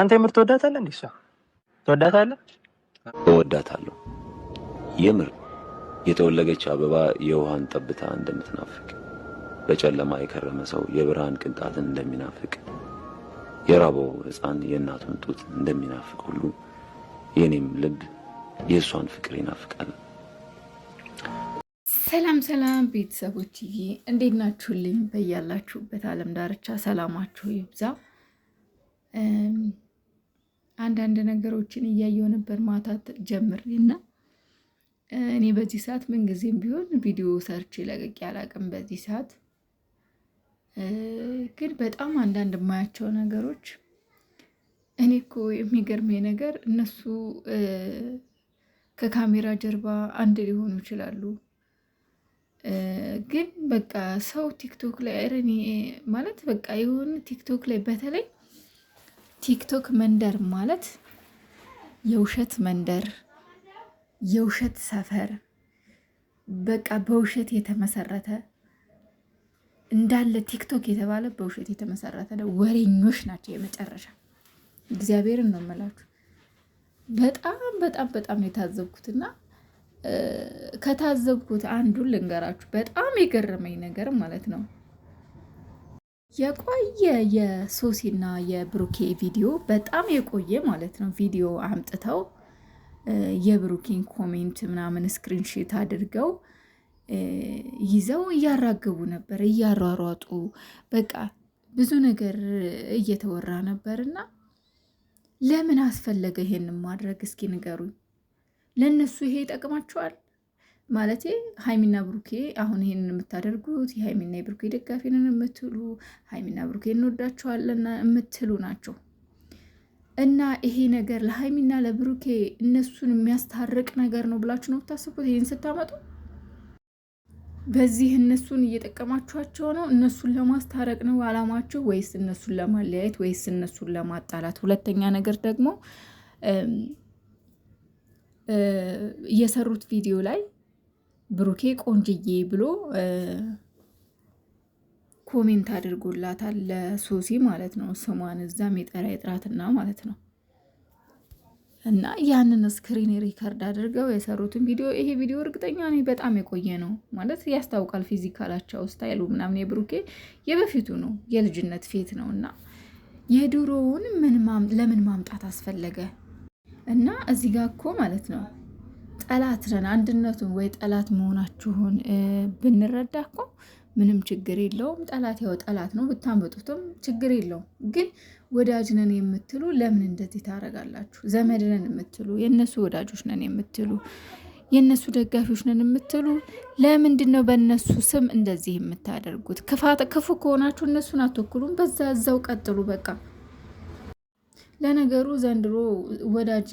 አንተ የምር ትወዳታለህ እንዴ? እሷ ትወዳታለህ? እወዳታለሁ። የምር የተወለገች አበባ የውሃን ጠብታ እንደምትናፍቅ፣ በጨለማ የከረመ ሰው የብርሃን ቅንጣትን እንደሚናፍቅ፣ የራበው ሕፃን የእናቱን ጡት እንደሚናፍቅ ሁሉ የኔም ልብ የእሷን ፍቅር ይናፍቃል። ሰላም ሰላም ቤተሰቦችዬ እንዴት ናችሁልኝ? በያላችሁበት ዓለም ዳርቻ ሰላማችሁ ይብዛ። አንዳንድ ነገሮችን እያየው ነበር ማታት ጀምሬ እና እኔ በዚህ ሰዓት ምንጊዜም ቢሆን ቪዲዮ ሰርች ለቅቄ አላቅም። በዚህ ሰዓት ግን በጣም አንዳንድ የማያቸው ነገሮች እኔ እኮ የሚገርመኝ ነገር እነሱ ከካሜራ ጀርባ አንድ ሊሆኑ ይችላሉ። ግን በቃ ሰው ቲክቶክ ላይ ማለት በቃ የሆነ ቲክቶክ ላይ በተለይ ቲክቶክ መንደር ማለት የውሸት መንደር፣ የውሸት ሰፈር፣ በቃ በውሸት የተመሰረተ እንዳለ ቲክቶክ የተባለ በውሸት የተመሰረተ ነው። ወሬኞች ናቸው የመጨረሻ። እግዚአብሔርን ነው የምላችሁ። በጣም በጣም በጣም የታዘብኩትና ከታዘብኩት አንዱን ልንገራችሁ። በጣም የገረመኝ ነገር ማለት ነው የቆየ የሶሲና የብሩኬ ቪዲዮ በጣም የቆየ ማለት ነው። ቪዲዮ አምጥተው የብሩኬን ኮሜንት ምናምን ስክሪንሽት አድርገው ይዘው እያራገቡ ነበር፣ እያሯሯጡ በቃ ብዙ ነገር እየተወራ ነበር። እና ለምን አስፈለገ ይሄንን ማድረግ? እስኪ ንገሩኝ። ለእነሱ ይሄ ይጠቅማቸዋል? ማለቴ ሀይሚና ብሩኬ አሁን ይሄንን የምታደርጉት የሀይሚና የብሩኬ ደጋፊንን የምትሉ ሀይሚና ብሩኬ እንወዳቸዋለን የምትሉ ናቸው እና ይሄ ነገር ለሀይሚና ለብሩኬ እነሱን የሚያስታርቅ ነገር ነው ብላችሁ ነው የምታስቡት? ይህን ስታመጡ በዚህ እነሱን እየጠቀማችኋቸው ነው? እነሱን ለማስታረቅ ነው አላማችሁ? ወይስ እነሱን ለማለያየት ወይስ እነሱን ለማጣላት? ሁለተኛ ነገር ደግሞ የሰሩት ቪዲዮ ላይ ብሩኬ ቆንጅዬ ብሎ ኮሜንት አድርጎላታል ለሶሲ ማለት ነው። ስሟን እዛም የጠራ የጥራትና ማለት ነው። እና ያንን ስክሪን ሪከርድ አድርገው የሰሩትን ቪዲዮ ይሄ ቪዲዮ እርግጠኛ ነኝ በጣም የቆየ ነው ማለት ያስታውቃል። ፊዚካላቸው ስታይሉ ምናምን የብሩኬ የበፊቱ ነው የልጅነት ፌት ነው እና የድሮውን ለምን ማምጣት አስፈለገ? እና እዚህ ጋር እኮ ማለት ነው ጠላት ነን አንድነቱን ወይ ጠላት መሆናችሁን ብንረዳ እኮ ምንም ችግር የለውም። ጠላት ያው ጠላት ነው፣ ብታመጡትም ችግር የለውም። ግን ወዳጅ ነን የምትሉ ለምን እንደዚህ ታደርጋላችሁ? ዘመድ ነን የምትሉ የእነሱ ወዳጆች ነን የምትሉ የእነሱ ደጋፊዎች ነን የምትሉ ለምንድን ነው በእነሱ ስም እንደዚህ የምታደርጉት? ክፉ ከሆናችሁ እነሱን አትወክሉም። በዛ እዛው ቀጥሉ በቃ ለነገሩ ዘንድሮ ወዳጅ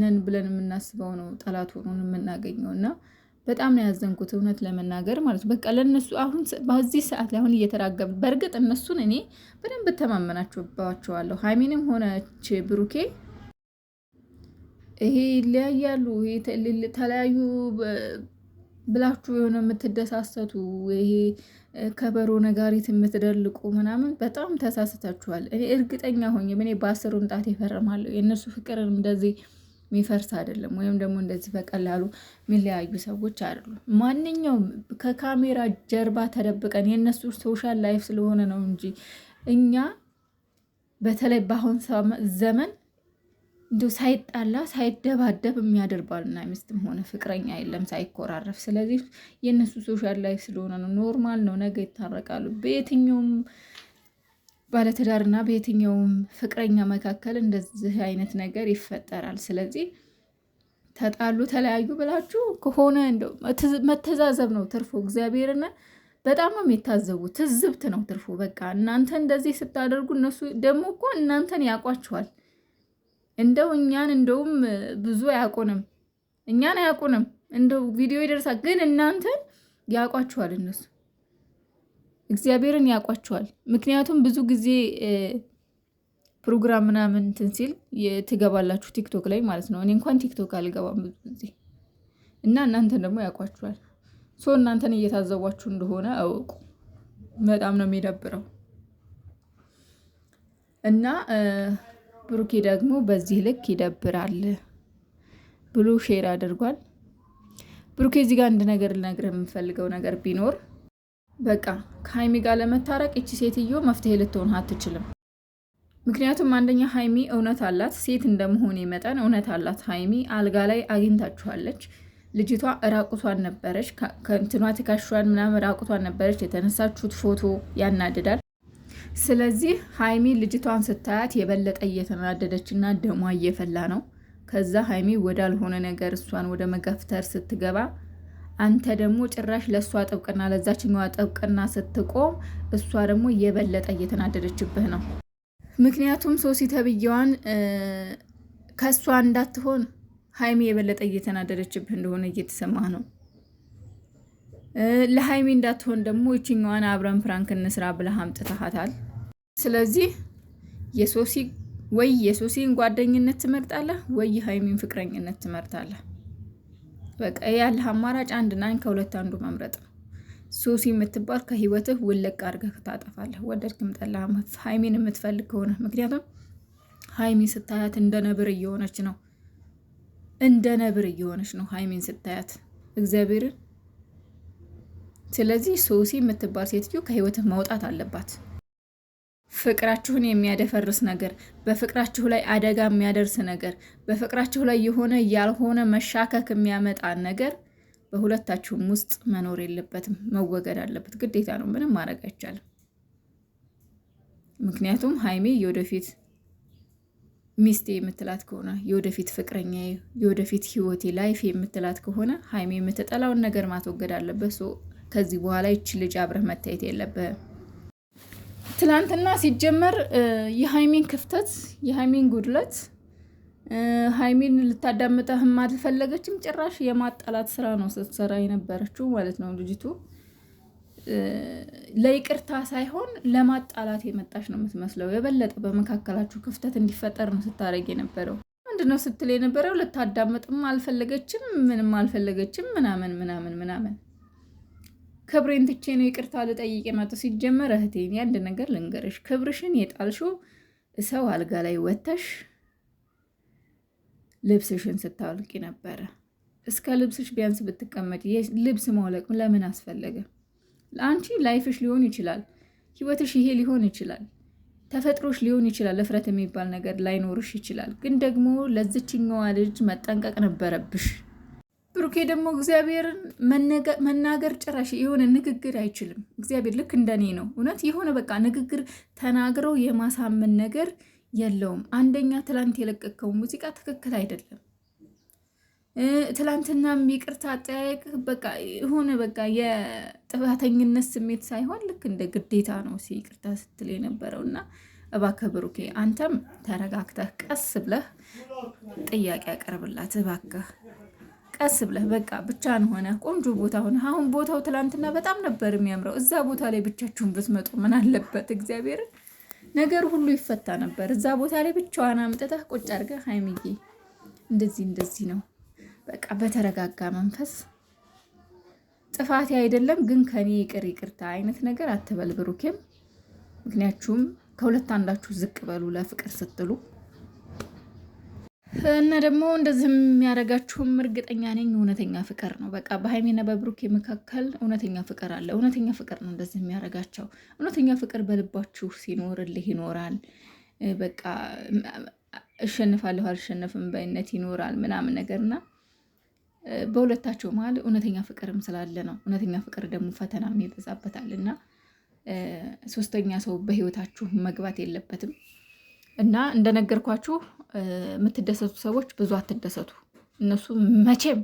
ነን ብለን የምናስበው ነው ጠላት ሆኖን የምናገኘው እና በጣም ነው ያዘንኩት፣ እውነት ለመናገር ማለት ነው። በቃ ለእነሱ አሁን በዚህ ሰዓት ላይ አሁን እየተራገብ በእርግጥ እነሱን እኔ በደንብ ተማመናቸውባቸዋለሁ። ሀይሚንም ሆነች ብሩኬ ይሄ ይለያያሉ ተለያዩ ብላችሁ የሆነ የምትደሳሰቱ ይሄ ከበሮ ነጋሪት የምትደልቁ ምናምን በጣም ተሳስታችኋል። እኔ እርግጠኛ ሆኜ እኔ በአስር ምጣት ይፈርማለሁ። የእነሱ ፍቅር እንደዚህ የሚፈርስ አይደለም፣ ወይም ደግሞ እንደዚህ በቀላሉ የሚለያዩ ሰዎች አይደሉ። ማንኛውም ከካሜራ ጀርባ ተደብቀን የእነሱ ሶሻል ላይፍ ስለሆነ ነው እንጂ እኛ በተለይ በአሁን ዘመን እንዲሁ ሳይጣላ ሳይደባደብ የሚያደር ባልና ሚስትም ሆነ ፍቅረኛ የለም ሳይኮራረፍ። ስለዚህ የእነሱ ሶሻል ላይፍ ስለሆነ ነው፣ ኖርማል ነው። ነገ ይታረቃሉ። በየትኛውም ባለትዳርና በየትኛውም ፍቅረኛ መካከል እንደዚህ አይነት ነገር ይፈጠራል። ስለዚህ ተጣሉ ተለያዩ ብላችሁ ከሆነ እንደው መተዛዘብ ነው ትርፎ እግዚአብሔርና በጣም ነው የሚታዘቡ። ትዝብት ነው ትርፎ። በቃ እናንተ እንደዚህ ስታደርጉ እነሱ ደግሞ እኮ እናንተን ያውቋችኋል። እንደው እኛን እንደውም ብዙ አያውቁንም፣ እኛን አያውቁንም። እንደው ቪዲዮ ይደርሳል፣ ግን እናንተን ያውቋችኋል። እነሱ እግዚአብሔርን ያውቋችኋል። ምክንያቱም ብዙ ጊዜ ፕሮግራም ምናምን እንትን ሲል ትገባላችሁ ቲክቶክ ላይ ማለት ነው። እኔ እንኳን ቲክቶክ አልገባም ብዙ ጊዜ እና እናንተን ደግሞ ያውቋችኋል። ሶ እናንተን እየታዘቧችሁ እንደሆነ አውቁ። በጣም ነው የሚደብረው እና ብሩኬ ደግሞ በዚህ ልክ ይደብራል ብሎ ሼር አድርጓል። ብሩኬ እዚህ ጋር አንድ ነገር ልነግር የምፈልገው ነገር ቢኖር በቃ ከሀይሚ ጋር ለመታረቅ ይቺ ሴትዮ መፍትሄ ልትሆን አትችልም። ምክንያቱም አንደኛ ሀይሚ እውነት አላት፣ ሴት እንደመሆኔ መጠን እውነት አላት። ሀይሚ አልጋ ላይ አግኝታችኋለች። ልጅቷ ራቁቷን ነበረች፣ ከእንትኗ ትከሻዋን ምናምን ራቁቷን ነበረች። የተነሳችሁት ፎቶ ያናድዳል። ስለዚህ ሀይሚ ልጅቷን ስታያት የበለጠ እየተናደደች እና ደሟ እየፈላ ነው። ከዛ ሀይሚ ወዳልሆነ ነገር እሷን ወደ መገፍተር ስትገባ አንተ ደግሞ ጭራሽ ለእሷ ጥብቅና ለዛችኛዋ ጥብቅና ስትቆም እሷ ደግሞ የበለጠ እየተናደደችብህ ነው። ምክንያቱም ሶሲ ተብዬዋን ከእሷ እንዳትሆን ሀይሚ የበለጠ እየተናደደችብህ እንደሆነ እየተሰማህ ነው። ለሀይሚ እንዳትሆን ደግሞ ይችኛዋን አብረን ፕራንክ እንስራ ብለህ አምጥተሃታል። ስለዚህ የሶሲ ወይ የሶሲን ጓደኝነት ትመርጣለህ ወይ የሀይሚን ፍቅረኝነት ትመርጣለህ። በቃ ያለህ አማራጭ አንድ ናኝ ከሁለት አንዱ መምረጥ ነው። ሶሲ የምትባል ከህይወትህ ውለቅ አድርገህ ታጠፋለህ። ወደድክም ጠላህም ሀይሚን የምትፈልግ ከሆነ ምክንያቱም ሀይሚን ስታያት እንደ ነብር እየሆነች ነው። እንደ ነብር እየሆነች ነው ሀይሚን ስታያት እግዚአብሔርን ስለዚህ ሶሲ የምትባል ሴትዮ ከህይወት መውጣት አለባት። ፍቅራችሁን የሚያደፈርስ ነገር፣ በፍቅራችሁ ላይ አደጋ የሚያደርስ ነገር፣ በፍቅራችሁ ላይ የሆነ ያልሆነ መሻከክ የሚያመጣ ነገር በሁለታችሁም ውስጥ መኖር የለበትም፣ መወገድ አለበት። ግዴታ ነው። ምንም ማድረግ አይቻልም። ምክንያቱም ሀይሜ የወደፊት ሚስቴ የምትላት ከሆነ የወደፊት ፍቅረኛ የወደፊት ህይወቴ ላይፍ የምትላት ከሆነ ሀይሜ የምትጠላውን ነገር ማስወገድ አለበት። ከዚህ በኋላ ይች ልጅ አብረህ መታየት የለብህም። ትላንትና ሲጀመር የሀይሚን ክፍተት የሀይሚን ጉድለት ሀይሚን ልታዳምጠህም አልፈለገችም። ጭራሽ የማጣላት ስራ ነው ስትሰራ የነበረችው ማለት ነው። ልጅቱ ለይቅርታ ሳይሆን ለማጣላት የመጣች ነው የምትመስለው። የበለጠ በመካከላችሁ ክፍተት እንዲፈጠር ነው ስታደርግ የነበረው። ምንድን ነው ስትል የነበረው? ልታዳምጥም አልፈለገችም፣ ምንም አልፈለገችም፣ ምናምን ምናምን ምናምን ክብሬን ትቼ ነው ይቅርታ ልጠይቅ የመጡ። ሲጀመር እህቴን ያንድ ነገር ልንገርሽ፣ ክብርሽን የጣልሽው ሰው አልጋ ላይ ወተሽ ልብስሽን ስታወልቂ ነበረ። እስከ ልብስሽ ቢያንስ ብትቀመጭ፣ ልብስ ማውለቅ ለምን አስፈለገ? ለአንቺ ላይፍሽ ሊሆን ይችላል፣ ህይወትሽ ይሄ ሊሆን ይችላል፣ ተፈጥሮሽ ሊሆን ይችላል። እፍረት የሚባል ነገር ላይኖርሽ ይችላል። ግን ደግሞ ለዝችኛዋ ልጅ መጠንቀቅ ነበረብሽ። ብሩኬ ደግሞ እግዚአብሔርን መናገር ጭራሽ የሆነ ንግግር አይችልም። እግዚአብሔር ልክ እንደኔ ነው። እውነት የሆነ በቃ ንግግር ተናግረው የማሳመን ነገር የለውም። አንደኛ ትላንት የለቀቀው ሙዚቃ ትክክል አይደለም። ትላንትናም ይቅርታ አጠያየቅ በቃ የሆነ በቃ የጥፋተኝነት ስሜት ሳይሆን ልክ እንደ ግዴታ ነው ሲቅርታ ስትል የነበረው እና እባክህ ብሩኬ አንተም ተረጋግተህ ቀስ ብለህ ጥያቄ አቀርብላት እባክህ ቀስ ብለህ በቃ ብቻህን ሆነ ቆንጆ ቦታ ሆነ። አሁን ቦታው ትላንትና በጣም ነበር የሚያምረው። እዛ ቦታ ላይ ብቻችሁን ብትመጡ ምን አለበት? እግዚአብሔር ነገር ሁሉ ይፈታ ነበር። እዛ ቦታ ላይ ብቻዋን አምጥተህ ቁጭ አድርገህ ሀይሚዬ እንደዚህ እንደዚህ ነው በቃ በተረጋጋ መንፈስ ጥፋቴ አይደለም ግን ከኔ ይቅር ይቅርታ አይነት ነገር አትበል ብሩኬም። ምክንያቱም ከሁለት አንዳችሁ ዝቅ በሉ ለፍቅር ስትሉ እና ደግሞ እንደዚህ የሚያደርጋችሁም እርግጠኛ ነኝ እውነተኛ ፍቅር ነው። በቃ በሀይሜና በብሩኬ መካከል እውነተኛ ፍቅር አለ። እውነተኛ ፍቅር ነው እንደዚህ የሚያደርጋቸው። እውነተኛ ፍቅር በልባችሁ ሲኖርልህ ይኖራል። በቃ እሸንፋለሁ አልሸነፍም በይነት ይኖራል ምናምን ነገርና በሁለታቸው መሀል እውነተኛ ፍቅርም ስላለ ነው። እውነተኛ ፍቅር ደግሞ ፈተና ይበዛበታል እና ሶስተኛ ሰው በህይወታችሁ መግባት የለበትም እና እንደነገርኳችሁ የምትደሰቱ ሰዎች ብዙ አትደሰቱ። እነሱ መቼም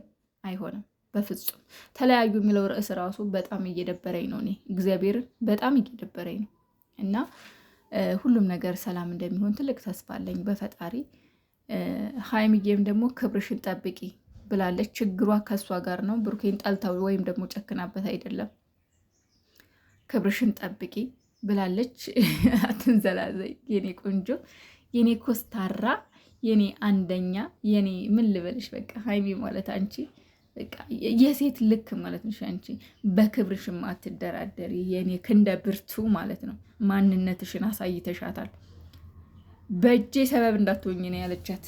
አይሆንም በፍጹም። ተለያዩ የሚለው ርዕስ ራሱ በጣም እየደበረኝ ነው። እኔ እግዚአብሔርን በጣም እየደበረኝ ነው እና ሁሉም ነገር ሰላም እንደሚሆን ትልቅ ተስፋ አለኝ በፈጣሪ። ሀይምዬም ደግሞ ክብርሽን ጠብቂ ብላለች። ችግሯ ከእሷ ጋር ነው። ብሩኬን ጠልታው ወይም ደግሞ ጨክናበት አይደለም። ክብርሽን ጠብቂ ብላለች። አትንዘላዘይ የኔ ቆንጆ የኔ ኮስታራ የኔ አንደኛ የኔ ምን ልበልሽ፣ በቃ ሀይሚ ማለት አንቺ የሴት ልክ ማለት ነሽ። አንቺ በክብርሽም አትደራደሪ የኔ ክንደ ብርቱ ማለት ነው። ማንነትሽን አሳይተሻታል። በእጄ ሰበብ እንዳትሆኝ ነው ያለቻት።